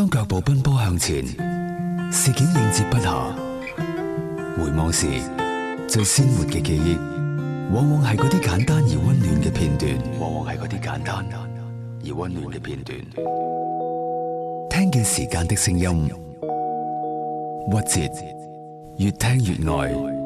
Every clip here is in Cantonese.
當腳步奔波向前，事件應接不暇，回望時最鮮活嘅記憶，往往係嗰啲簡單而溫暖嘅片段。往往係嗰啲簡單而溫暖嘅片段。聽見時間的聲音，曲折，越聽越愛。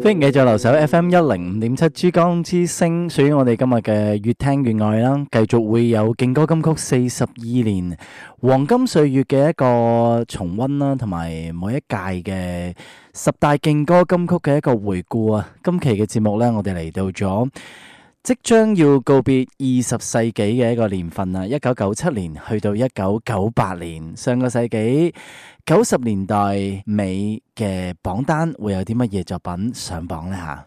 歡迎繼續留守 FM 一零五點七珠江之聲，屬於我哋今日嘅越聽越愛啦。繼續會有勁歌金曲四十二年黃金歲月嘅一個重溫啦，同埋每一屆嘅十大勁歌金曲嘅一個回顧啊。今期嘅節目呢，我哋嚟到咗。即將要告別二十世紀嘅一個年份啦，一九九七年去到一九九八年，上個世紀九十年代尾嘅榜單會有啲乜嘢作品上榜呢？吓？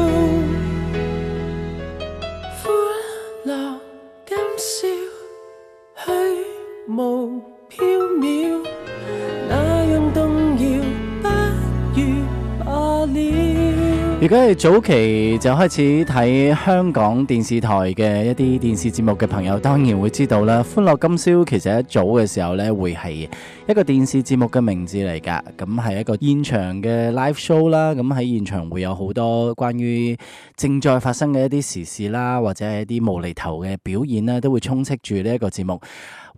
而家早期就開始睇香港電視台嘅一啲電視節目嘅朋友，當然會知道啦。《歡樂今宵》其實一早嘅時候呢，會係一個電視節目嘅名字嚟㗎。咁係一個現場嘅 live show 啦。咁喺現場會有好多關於正在發生嘅一啲時事啦，或者係一啲無厘頭嘅表演啦，都會充斥住呢一個節目。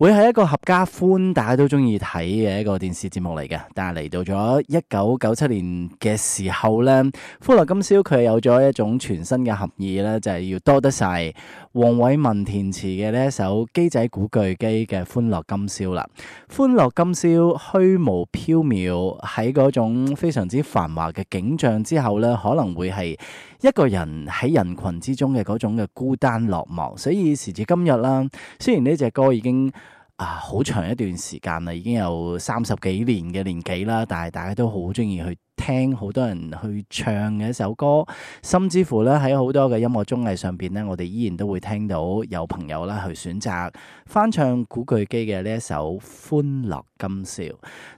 會係一個合家歡，大家都中意睇嘅一個電視節目嚟嘅。但係嚟到咗一九九七年嘅時候呢，《歡樂今宵》佢有咗一種全新嘅含義呢，就係、是、要多得晒黃偉文填詞嘅呢一首《機仔古巨基》嘅《歡樂今宵》啦，《歡樂今宵》虛無縹緲喺嗰種非常之繁華嘅景象之後呢，可能會係。一個人喺人群之中嘅嗰種嘅孤單落寞，所以時至今日啦，雖然呢隻歌已經啊好長一段時間啦，已經有三十幾年嘅年紀啦，但係大家都好鍾意去。聽好多人去唱嘅一首歌，甚至乎咧喺好多嘅音樂綜藝上邊咧，我哋依然都會聽到有朋友啦去選擇翻唱古巨基嘅呢一首《歡樂今宵》。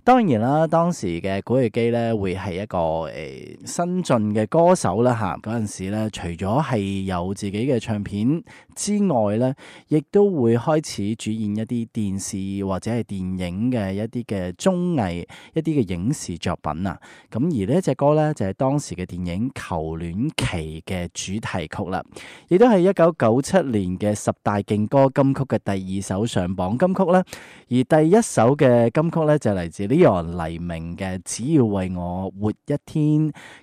當然啦，當時嘅古巨基咧會係一個誒、呃、新晉嘅歌手啦，吓，嗰陣時咧除咗係有自己嘅唱片之外咧，亦都會開始主演一啲電視或者係電影嘅一啲嘅綜藝、一啲嘅影視作品啊，咁。而呢一隻歌咧就係當時嘅電影《求戀期》嘅主題曲啦，亦都係一九九七年嘅十大勁歌金曲嘅第二首上榜金曲啦。而第一首嘅金曲咧就嚟自 Leon 黎明嘅《只要為我活一天》，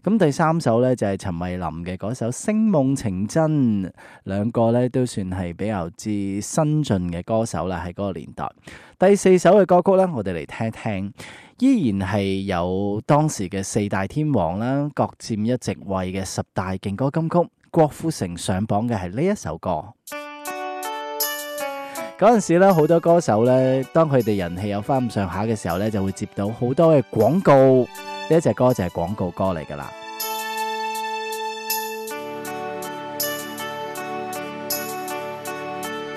咁第三首咧就係陳慧琳嘅嗰首《星夢情真》，兩個咧都算係比較之新進嘅歌手啦，喺嗰個年代。第四首嘅歌曲咧，我哋嚟聽聽。依然係有當時嘅四大天王啦，各佔一席位嘅十大勁歌金曲，郭富城上榜嘅係呢一首歌。嗰陣時咧，好多歌手咧，當佢哋人氣有翻咁上下嘅時候咧，就會接到好多嘅廣告。呢一隻歌就係廣告歌嚟㗎喇。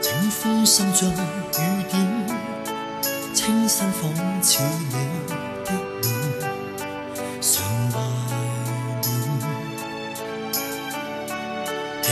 清風散盡雨點，清新仿似你。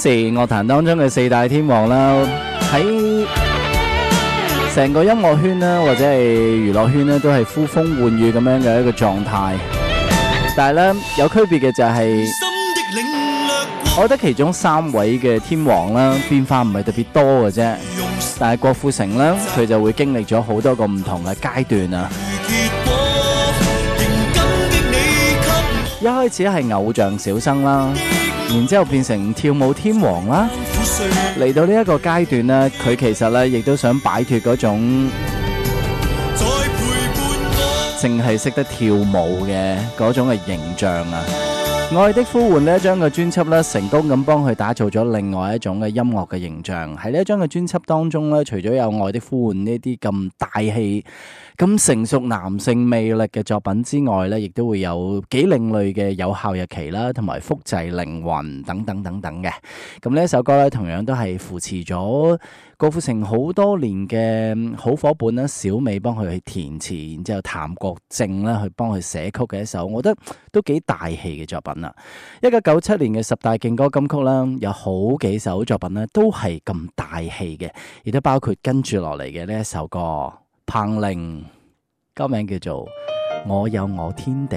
是樂壇當中嘅四大天王啦，喺成個音樂圈啦或者係娛樂圈呢都係呼風喚雨咁樣嘅一個狀態，但係咧有區別嘅就係，我覺得其中三位嘅天王啦變化唔係特別多嘅啫，但係郭富城呢佢就會經歷咗好多個唔同嘅階段啊，一開始係偶像小生啦。然之後變成跳舞天王啦，嚟到呢一個階段呢，佢其實咧亦都想擺脱嗰種，淨係識得跳舞嘅嗰種嘅形象啊。《愛的呼喚》呢一張嘅專輯咧，成功咁幫佢打造咗另外一種嘅音樂嘅形象。喺呢一張嘅專輯當中咧，除咗有《愛的呼喚》呢啲咁大氣、咁成熟男性魅力嘅作品之外咧，亦都會有幾另類嘅有效日期啦，同埋複製靈魂等等等等嘅。咁呢一首歌咧，同樣都係扶持咗。郭富城好多年嘅好夥伴啦，小美幫佢去填詞，然之後譚國正咧去幫佢寫曲嘅一首，我覺得都幾大氣嘅作品啦。一九九七年嘅十大勁歌金曲啦，有好幾首作品咧都係咁大氣嘅，亦都包括跟住落嚟嘅呢一首歌《彭羚》。歌名叫做《我有我天地》。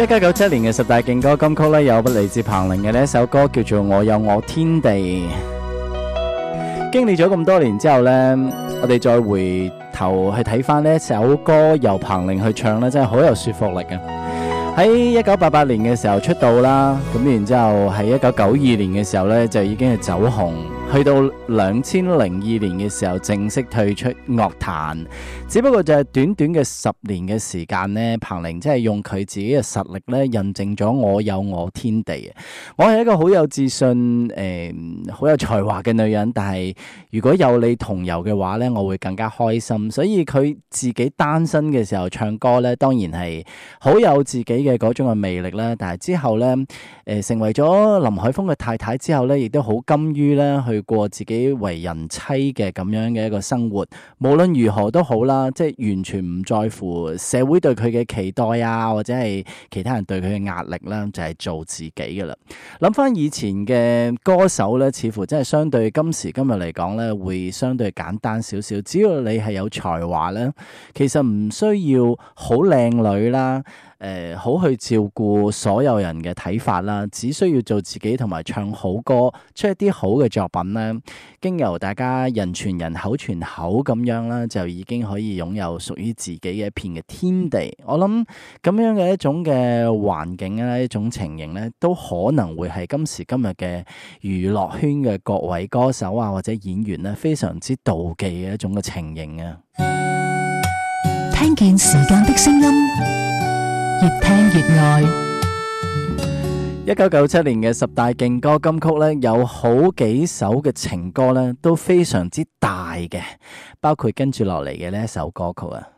一九九七年嘅十大勁歌金曲咧，有嚟自彭羚嘅呢一首歌叫做《我有我天地》。經歷咗咁多年之後咧，我哋再回頭去睇翻呢一首歌，由彭羚去唱咧，真係好有說服力嘅。喺一九八八年嘅時候出道啦，咁然之後喺一九九二年嘅時候咧就已經係走紅。去到兩千零二年嘅時候，正式退出樂壇，只不過就係短短嘅十年嘅時間咧，彭羚真係用佢自己嘅實力咧，印證咗我有我天地。我係一個好有自信、誒、呃、好有才華嘅女人。但係如果有你同遊嘅話咧，我會更加開心。所以佢自己單身嘅時候唱歌咧，當然係好有自己嘅嗰種嘅魅力啦。但係之後咧，誒、呃、成為咗林海峰嘅太太之後咧，亦都好甘於咧去。去過自己為人妻嘅咁樣嘅一個生活，無論如何都好啦，即係完全唔在乎社會對佢嘅期待啊，或者係其他人對佢嘅壓力啦，就係做自己噶啦。諗翻以前嘅歌手呢，似乎真係相對今時今日嚟講呢，會相對簡單少少。只要你係有才華呢，其實唔需要好靚女啦。呃、好去照顧所有人嘅睇法啦，只需要做自己同埋唱好歌，出一啲好嘅作品呢，經由大家人傳人、口傳口咁樣啦，就已經可以擁有屬於自己嘅一片嘅天地。我諗咁樣嘅一種嘅環境呢，一種情形呢，都可能會係今時今日嘅娛樂圈嘅各位歌手啊，或者演員呢，非常之妒忌嘅一種嘅情形啊！聽見時間嘅聲音。越聽越愛。一九九七年嘅十大勁歌金曲呢，有好幾首嘅情歌呢都非常之大嘅，包括跟住落嚟嘅呢一首歌曲啊。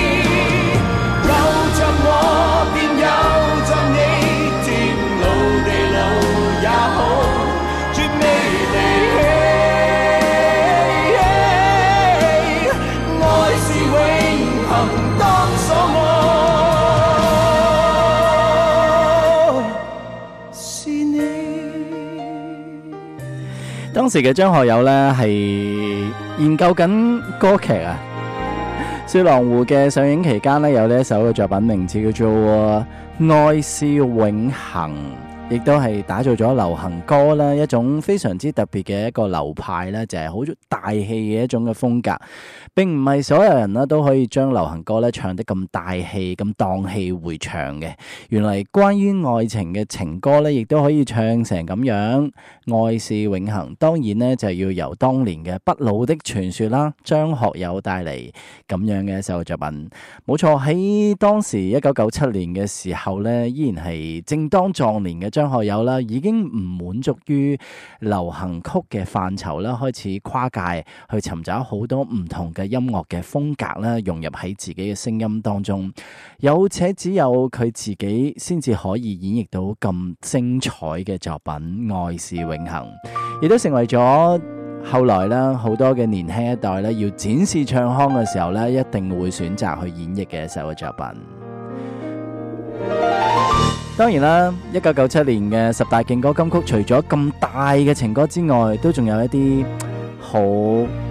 時嘅張學友呢係研究緊歌劇啊， 《雪狼湖》嘅上映期間呢，有呢一首嘅作品，名字叫做《愛是永恆》，亦都係打造咗流行歌啦，一種非常之特別嘅一個流派咧，就係好咗大氣嘅一種嘅風格。並唔係所有人咧都可以將流行歌咧唱得咁大氣、咁蕩氣回腸嘅。原來關於愛情嘅情歌咧，亦都可以唱成咁樣。愛是永恒，當然咧就要由當年嘅不老的傳說啦，張學友帶嚟咁樣嘅一首作品。冇錯，喺當時一九九七年嘅時候咧，依然係正當壯年嘅張學友啦，已經唔滿足於流行曲嘅範疇啦，開始跨界去尋找好多唔同嘅。音樂嘅風格咧，融入喺自己嘅聲音當中，有且只有佢自己先至可以演繹到咁精彩嘅作品《愛是永恆》，亦都成為咗後來咧好多嘅年輕一代咧要展示唱腔嘅時候咧，一定會選擇去演繹嘅一首作品。當然啦，一九九七年嘅十大勁歌金曲，除咗咁大嘅情歌之外，都仲有一啲好。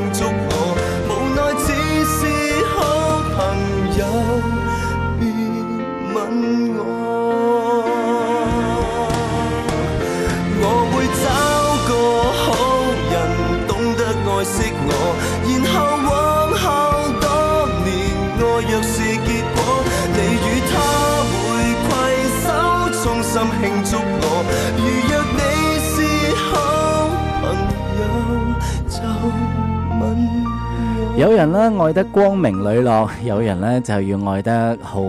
有人呢，愛得光明磊落，有人呢，就要愛得好。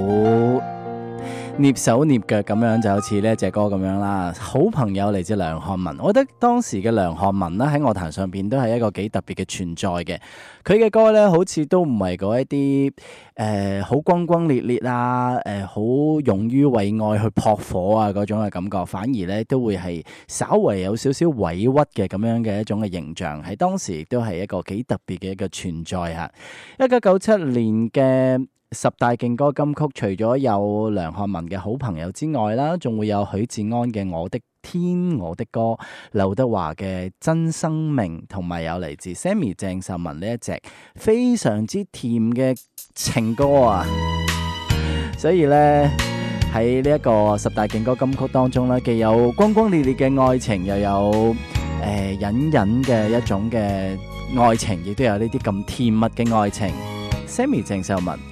躡手躡腳咁樣，就好似呢一隻歌咁樣啦。好朋友嚟自梁漢文，我覺得當時嘅梁漢文咧，喺樂壇上邊都係一個幾特別嘅存在嘅。佢嘅歌咧，好似都唔係嗰一啲誒，好轟轟烈烈啊！誒、呃，好勇於為愛去撲火啊！嗰種嘅感覺，反而咧都會係稍為有少少委屈嘅咁樣嘅一種嘅形象，喺當時亦都係一個幾特別嘅一個存在啊！一九九七年嘅。十大勁歌金曲除咗有梁漢文嘅好朋友之外啦，仲會有許志安嘅我的天，我的歌，劉德華嘅真生命，同埋有嚟自 Sammy 鄭秀文呢一隻非常之甜嘅情歌啊。所以呢，喺呢一個十大勁歌金曲當中咧，既有轟轟烈烈嘅愛情，又有誒隱隱嘅一種嘅愛情，亦都有呢啲咁甜蜜嘅愛情。Sammy 鄭秀文。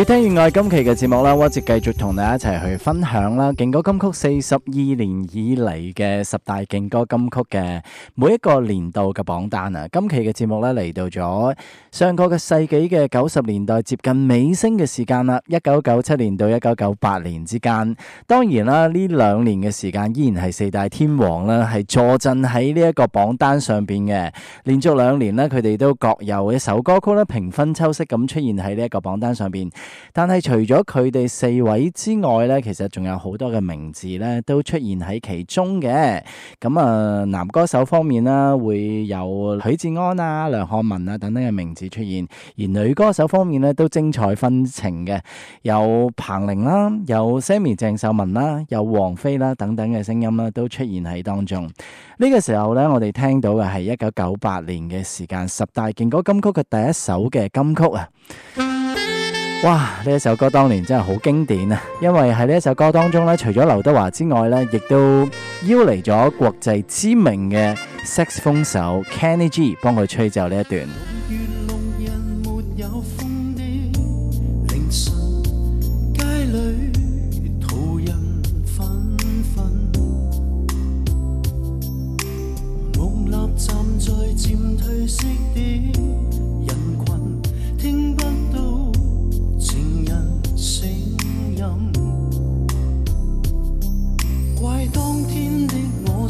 你聽完我今期嘅節目啦，我就繼續同你一齊去分享啦，勁歌金曲四十二年以嚟嘅十大勁歌金曲嘅每一個年度嘅榜單啊！今期嘅節目呢，嚟到咗上個嘅世紀嘅九十年代接近尾聲嘅時間啦，一九九七年到一九九八年之間，當然啦，呢兩年嘅時間依然係四大天王啦，係坐鎮喺呢一個榜單上邊嘅，連續兩年呢，佢哋都各有一首歌曲呢，平分秋色咁出現喺呢一個榜單上邊。但係除咗佢哋四位之外咧，其實仲有好多嘅名字咧都出現喺其中嘅。咁、嗯、啊，男歌手方面啦，會有許志安啊、梁漢文啊等等嘅名字出現；而女歌手方面咧，都精彩紛呈嘅，有彭羚啦、啊，有 Sammi 鄭秀文啦、啊，有王菲啦、啊、等等嘅聲音啦、啊，都出現喺當中。呢、這個時候咧，我哋聽到嘅係一九九八年嘅時間十大勁歌金曲嘅第一首嘅金曲啊。哇！呢一首歌當年真係好經典啊！因為喺呢一首歌當中咧，除咗劉德華之外呢亦都邀嚟咗國際知名嘅色士風手 Kenny G 幫佢吹奏呢一段。樂樂人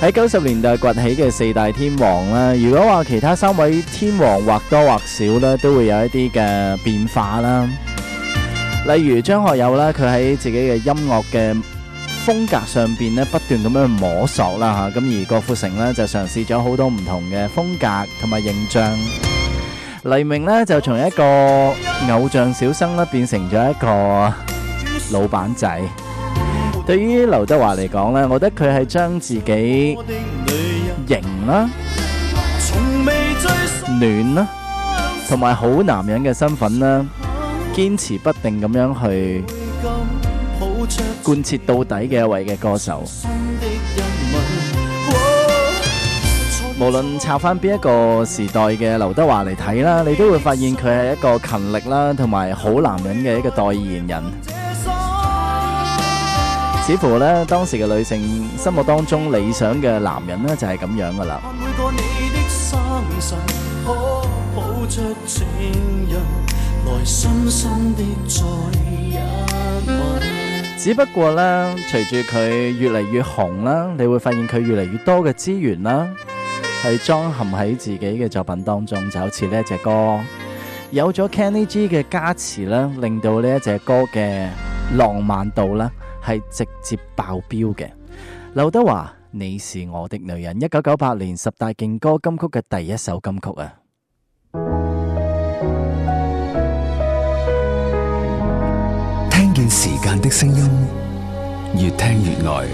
喺九十年代崛起嘅四大天王啦，如果話其他三位天王或多或少咧，都會有一啲嘅變化啦。例如張學友咧，佢喺自己嘅音樂嘅風格上邊咧，不斷咁樣去摸索啦吓。咁、啊、而郭富城咧就嘗試咗好多唔同嘅風格同埋形象，黎明咧就從一個偶像小生咧，變成咗一個老闆仔。對於劉德華嚟講咧，我覺得佢係將自己型啦、暖啦，同埋好男人嘅身份啦，堅持不定咁樣去貫徹到底嘅一位嘅歌手。無論插翻邊一個時代嘅劉德華嚟睇啦，你都會發現佢係一個勤力啦，同埋好男人嘅一個代言人。似乎咧，當時嘅女性心目當中理想嘅男人呢，就係咁樣噶啦。只不過呢，隨住佢越嚟越紅啦，你會發現佢越嚟越多嘅資源啦，係裝含喺自己嘅作品當中，就好似呢一隻歌，有咗 Kenny G 嘅加持啦，令到呢一隻歌嘅浪漫度啦。係直接爆標嘅。劉德華，你是我的女人，一九九八年十大勁歌金曲嘅第一首金曲啊！聽見時間的聲音，越聽越愛。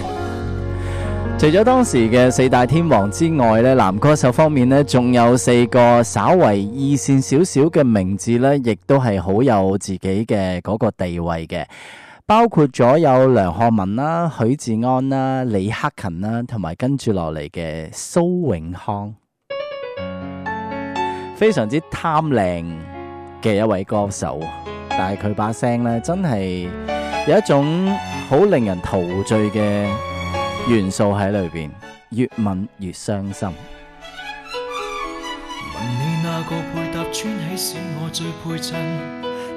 除咗當時嘅四大天王之外咧，男歌手方面咧，仲有四個稍為二線少少嘅名字咧，亦都係好有自己嘅嗰個地位嘅。包括咗有梁漢文啦、許志安啦、李克勤啦,同埋跟住落嚟嘅蘇永康，非常之貪靚嘅一位歌手，但係佢把聲咧真係有一種好令人陶醉嘅元素喺裏邊，越吻越傷心。問你那個配搭穿起，使我最配襯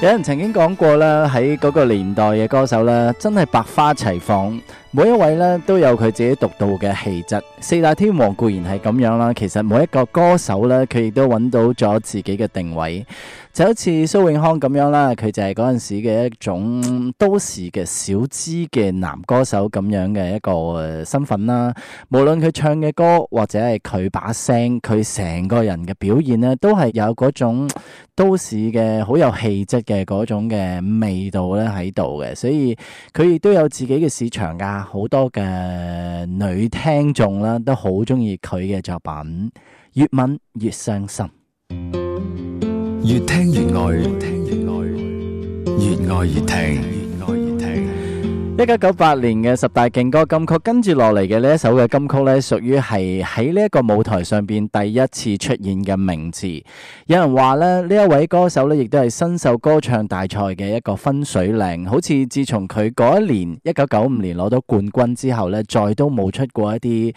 有人曾經講過啦，喺嗰個年代嘅歌手啦，真係百花齊放。每一位咧都有佢自己獨到嘅氣質，四大天王固然係咁樣啦，其實每一個歌手咧，佢亦都搵到咗自己嘅定位，就好似蘇永康咁樣啦，佢就係陣時嘅一種都市嘅小資嘅男歌手咁樣嘅一個身份啦。無論佢唱嘅歌或者係佢把聲，佢成個人嘅表現咧，都係有嗰種都市嘅好有氣質嘅種嘅味道咧喺度嘅，所以佢亦都有自己嘅市場噶。好多嘅女聽眾啦，都好中意佢嘅作品，越聞越傷心，越聽越愛，越聽越愛，越愛越聽。一九九八年嘅十大勁歌金曲，跟住落嚟嘅呢一首嘅金曲呢，屬於係喺呢一個舞台上邊第一次出現嘅名字。有人話呢，呢一位歌手呢，亦都係新秀歌唱大賽嘅一個分水嶺。好似自從佢嗰一年一九九五年攞到冠軍之後呢，再都冇出過一啲。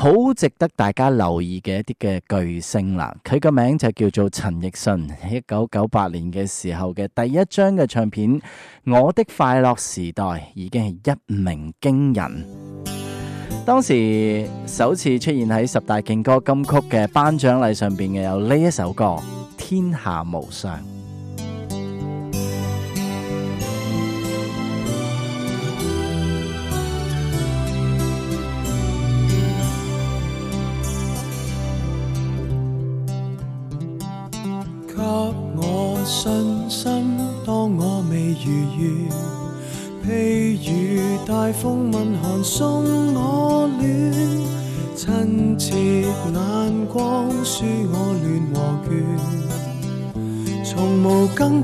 好值得大家留意嘅一啲嘅巨星啦，佢個名就叫做陳奕迅。喺一九九八年嘅時候嘅第一張嘅唱片《我的快樂時代》已經係一鳴驚人。當時首次出現喺十大勁歌金曲嘅頒獎禮上邊嘅有呢一首歌《天下無雙》。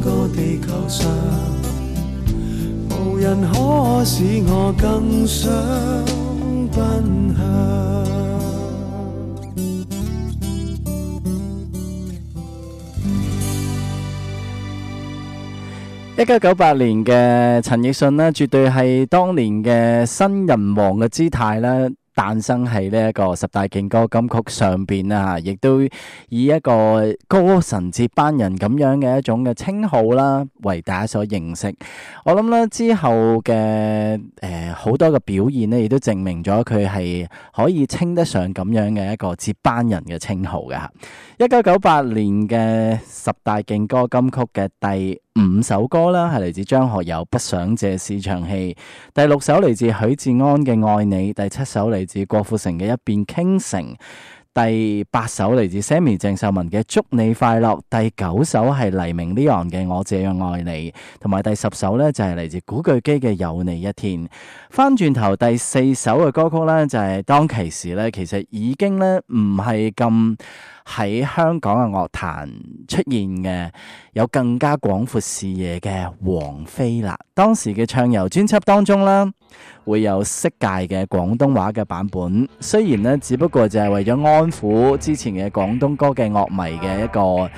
一個地球上無人可使我更想奔向。一九九八年嘅陳奕迅咧，絕對係當年嘅新人王嘅姿態咧。誕生喺呢一個十大勁歌金曲上邊啦，亦都以一個歌神接班人咁樣嘅一種嘅稱號啦，為大家所認識。我諗咧之後嘅誒好多嘅表現呢，亦都證明咗佢係可以稱得上咁樣嘅一個接班人嘅稱號嘅吓。一九九八年嘅十大勁歌金曲嘅第五首歌啦，係嚟自張學友《不想借市場戲》，第六首嚟自許志安嘅《愛你》，第七首嚟。自郭富城嘅《一變傾城》，第八首嚟自 Sammy 鄭秀文嘅《祝你快樂》，第九首係黎明呢 e 嘅《我這樣愛你》，同埋第十首呢就係、是、嚟自古巨基嘅《有你一天》。翻轉頭第四首嘅歌曲呢，就係、是《當其時》，呢，其實已經呢唔係咁。喺香港嘅樂壇出現嘅有更加廣闊視野嘅王菲啦。當時嘅唱遊專輯當中啦，會有色誡嘅廣東話嘅版本。雖然呢，只不過就係為咗安撫之前嘅廣東歌嘅樂迷嘅一個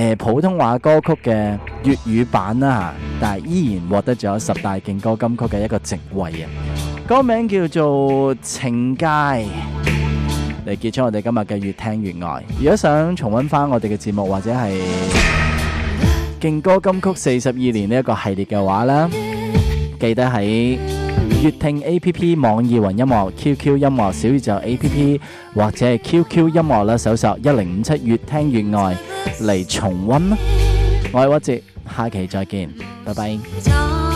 誒普通話歌曲嘅粵語版啦，但係依然獲得咗十大勁歌金曲嘅一個席位啊！歌名叫做《情誡》。嚟結束我哋今日嘅越聽越愛。如果想重温翻我哋嘅節目，或者係勁歌金曲四十二年呢一個系列嘅話咧，記得喺越聽 A P P、網易雲音樂、QQ 音樂、小宇宙 A P P 或者係 QQ 音樂啦，搜索一零五七越聽越愛嚟重温。我係屈哲，下期再見，拜拜。